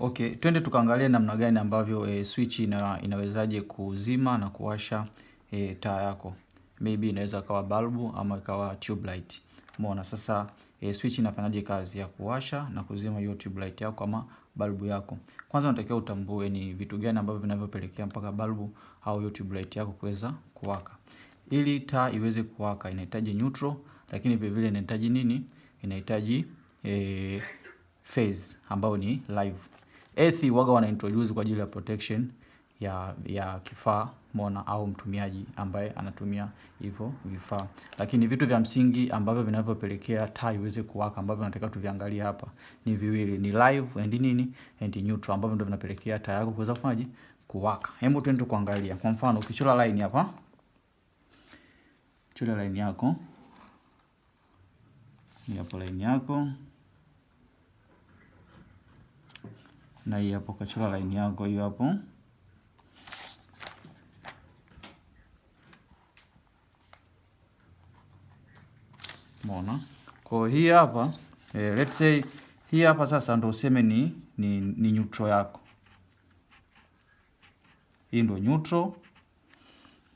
Okay, twende tukaangalie namna gani ambavyo e, switch ina, inawezaje kuzima na kuwasha e, taa yako. Maybe inaweza kawa balbu ama ikawa tube light. Umeona sasa e, switch inafanyaje kazi ya kuwasha na kuzima hiyo tube light yako ama balbu yako. Kwanza unatakiwa utambue ni vitu gani ambavyo vinavyopelekea mpaka balbu au hiyo tube light yako kuweza kuwaka. Ili taa iweze kuwaka inahitaji neutral, lakini vile vile inahitaji nini? Inahitaji e, phase ambayo ni live. Eth waga wana introduce kwa ajili ya protection ya, ya kifaa mona au mtumiaji ambaye anatumia hivyo vifaa, lakini vitu vya msingi ambavyo vinavyopelekea taa iweze kuwaka ambavyo nataka tuviangalie hapa ni viwili, ni live and nini and neutral, ambavyo ndio vinapelekea taa yako kuweza kufanyaje kuwaka. Hebu twende kuangalia. Kwa mfano ukichora line hapa, chora line yako ni hapo line yako na hii hapo kachora line yako hiyo hapo mona. Kwa hii hapa eh, let's say hii hapa sasa ndo useme ni, ni, ni neutral yako. Hii ndo neutral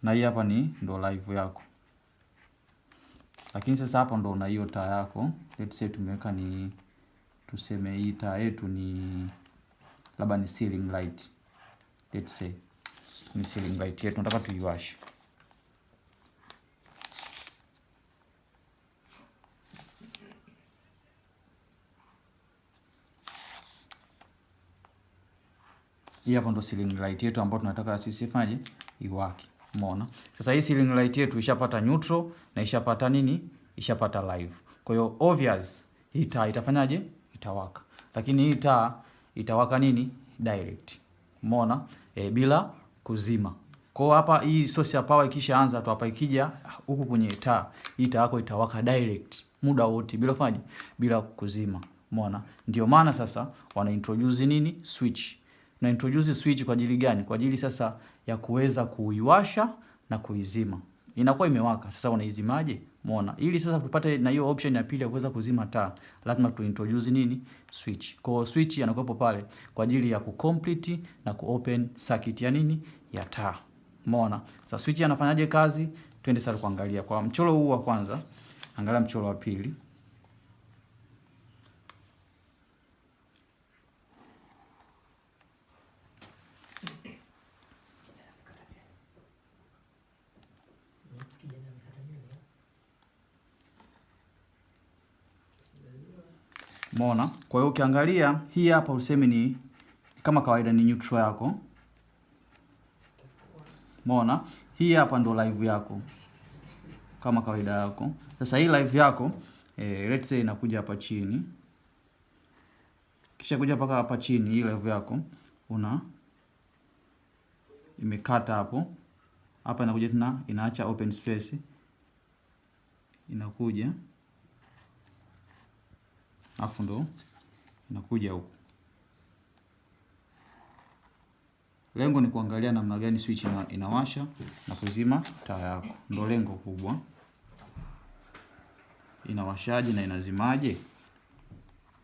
na hii hapa ni ndo live yako, lakini sasa hapa ndo na hiyo taa yako. Let's say tumeweka ni tuseme hii taa yetu ni labda ni ceiling light. Let's say ni ceiling light yetu tunataka tuiwashe. Hii hapo ndo ceiling light yetu ambayo tunataka sisi fanye iwaki. Umeona? Sasa hii ceiling light yetu ishapata neutral na ishapata nini? Ishapata live. Kwa hiyo obvious hii taa itafanyaje? Itawaka. Lakini hii taa itawaka nini direct, umeona e, bila kuzima. Kwa hapa hii source ya power ikishaanza tu hapa, ikija huku kwenye taa hii taa yako itawaka direct muda wote bila fanya bila kuzima, umeona. Ndio maana sasa wana introduce nini switch, na introduce switch kwa ajili gani? Kwa ajili sasa ya kuweza kuiwasha na kuizima. Inakuwa imewaka sasa, unaizimaje? Umeona? Ili sasa tupate na hiyo option ya pili ya kuweza kuzima taa, lazima tu introduce nini? Switch. Kwa switch yanakuwepo pale kwa ajili ya kucomplete na kuopen circuit ya nini? Ya taa. Umeona? Sasa switch anafanyaje kazi? Twende sasa kuangalia kwa mchoro huu wa kwanza, angalia mchoro wa pili. Umeona? Kwa hiyo ukiangalia hii hapa useme ni kama kawaida ni neutral yako. Umeona? Hii hapa ndo live yako. Kama kawaida yako. Sasa hii live yako eh, let's say inakuja hapa chini. Kisha kuja mpaka hapa chini hii live yako una imekata hapo. Hapa inakuja tena inaacha open space. Inakuja afu ndo inakuja huku. Lengo ni kuangalia namna gani switch inawasha na kuzima taa yako, ndo lengo kubwa. Inawashaje na inazimaje,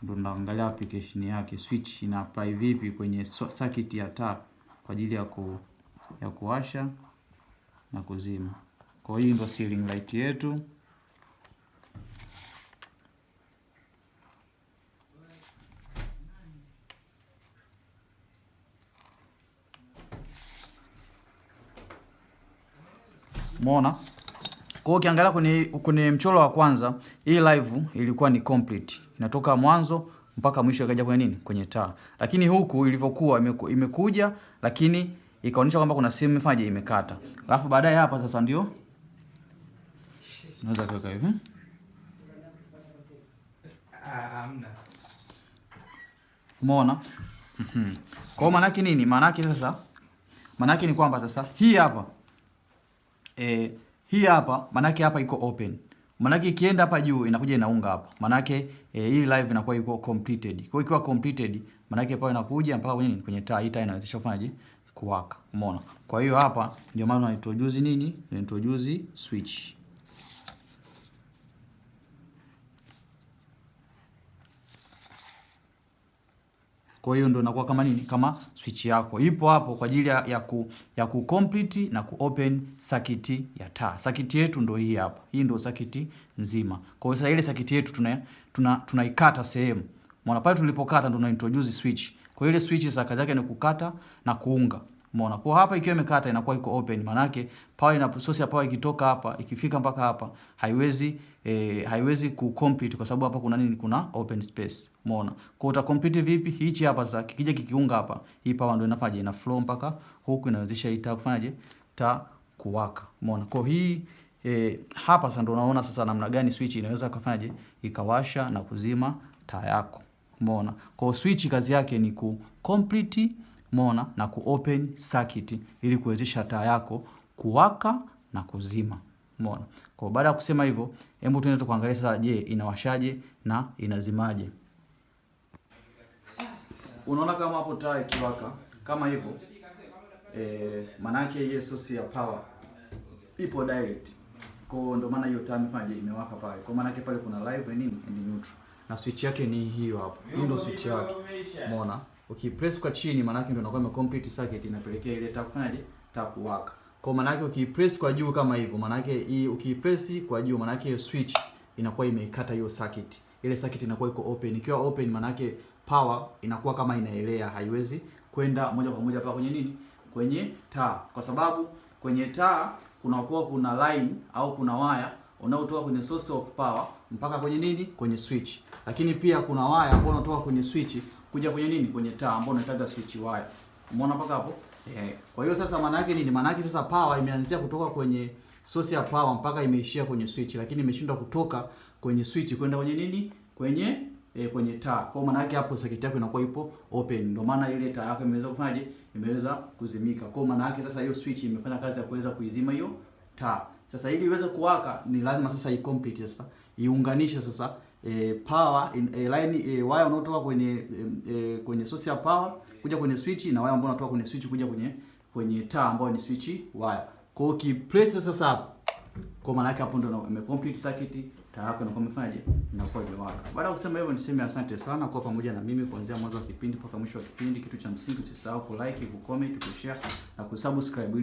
ndo naangalia application yake, switch ina apply vipi kwenye circuit ya taa kwa ajili ya ku, ya kuwasha na kuzima. Kwa hiyo ndo ceiling light yetu. Umeona? Kwa hiyo ukiangalia kwenye kwenye mchoro wa kwanza, hii live ilikuwa ni complete. Inatoka mwanzo mpaka mwisho ikaja kwenye nini? Kwenye taa. Lakini huku ilivyokuwa imeku, imekuja lakini ikaonyesha kwamba kuna sehemu imefanyaje imekata. Alafu baadaye hapa sasa ndio naweza kuweka hivi. Umeona? Mhm. Kwa maana yake nini? Maana yake sasa maana yake ni kwamba sasa hii hapa eh, hii hapa manake hapa iko open. Manake ikienda hapa juu inakuja inaunga hapa. Manake eh, hii live inakuwa iko completed. Kwa ikiwa completed, manake pale inakuja mpaka kwenye kwenye taa hii taa inawezesha kufanyaje? Kuwaka. Umeona? Kwa hiyo hapa ndio maana tunaitrojuzi nini? Tunaitrojuzi switch. Kwa hiyo ndio inakuwa kama nini? Kama switch yako ipo hapo kwa ajili ya, ku, ya ku complete na ku open circuit ya taa. Circuit yetu ndio hii hapa. Hii ndio circuit nzima. Kwa hiyo sasa ile circuit yetu tuna tuna tunaikata sehemu. Mwana pale tulipokata ndio tuna introduce switch. Kwa hiyo ile switch sasa kazi yake ni kukata na kuunga. Umeona? Kwa hapa ikiwa imekata inakuwa iko open, maana yake power ina source ya power ikitoka hapa ikifika mpaka hapa haiwezi e, haiwezi ku complete kwa sababu hapa kuna nini? Kuna open space. Umeona? Kwa uta complete vipi? Hichi hapa sasa kikija kikiunga hapa, hii power ndio inafanya Ina flow mpaka huku inawezesha hii taa kufanyaje? Taa kuwaka. Umeona? Kwa hii e, hapa sasa ndio unaona sasa namna gani switch inaweza kufanyaje? Ikawasha na kuzima taa yako. Umeona? Kwa switch kazi yake ni ku complete mona na kuopen circuit ili kuwezesha taa yako kuwaka na kuzima. Mona Kwa baada ya kusema hivyo, hebu tuende tukaangalia sasa, je, inawashaje na inazimaje? Unaona kama hapo taa ikiwaka kama hivyo e, manake hiyo source ya power ipo direct. Kwa hiyo ndio maana hiyo taa imefanya imewaka pale. Kwa maana yake pale kuna live na nini and neutral. Na switch yake ni hiyo hapo. Hiyo ndio switch yake. Umeona? ukipress kwa chini, maana yake ndio inakuwa ime complete circuit, inapelekea ile taa kufanyaje, taa kuwaka. Kwa maana yake ukipress kwa juu kama hivyo, maana yake hii ukipress kwa juu, maana yake switch inakuwa imeikata hiyo circuit, ile circuit inakuwa iko open. Ikiwa open, maana yake power inakuwa kama inaelea, haiwezi kwenda moja kwa moja paka kwenye nini, kwenye taa, kwa sababu kwenye taa kunakuwa kuna line au kuna waya unaotoka kwenye source of power mpaka kwenye nini, kwenye switch. Lakini pia kuna waya ambao unatoka kwenye switch kuja kwenye nini, kwenye taa ambayo unataka switch wire. Umeona mpaka hapo? Eh, kwa hiyo sasa maana yake nini? Maana yake sasa power imeanzia kutoka kwenye source ya power mpaka imeishia kwenye switch, lakini imeshindwa kutoka kwenye switch kwenda kwenye nini? Kwenye eh, kwenye taa. Kwa maana yake hapo saketi yako inakuwa ipo open. Ndio maana ile taa yako imeweza kufanyaje? Imeweza kuzimika. Kwa maana yake sasa hiyo switch imefanya kazi ya kuweza kuizima hiyo taa. Sasa ili iweze kuwaka ni lazima sasa i complete sasa iunganishe sasa e, power in, e, line e, wire unaotoka kwenye e, kwenye source ya power kuja kwenye switch na wire ambao unatoka kwenye switch kuja kwenye kwenye taa ambayo ni switch wire. Kwa hiyo ki place sasa hapo, kwa maana yake hapo ndo ime complete circuit, taa yako inakuwa imefanyaje, inakuwa imewaka. Baada ya kusema hivyo, niseme asante sana kwa pamoja na mimi kuanzia mwanzo wa kipindi mpaka mwisho wa kipindi. Kitu cha msingi usisahau ku like, ku comment, ku share na ku subscribe.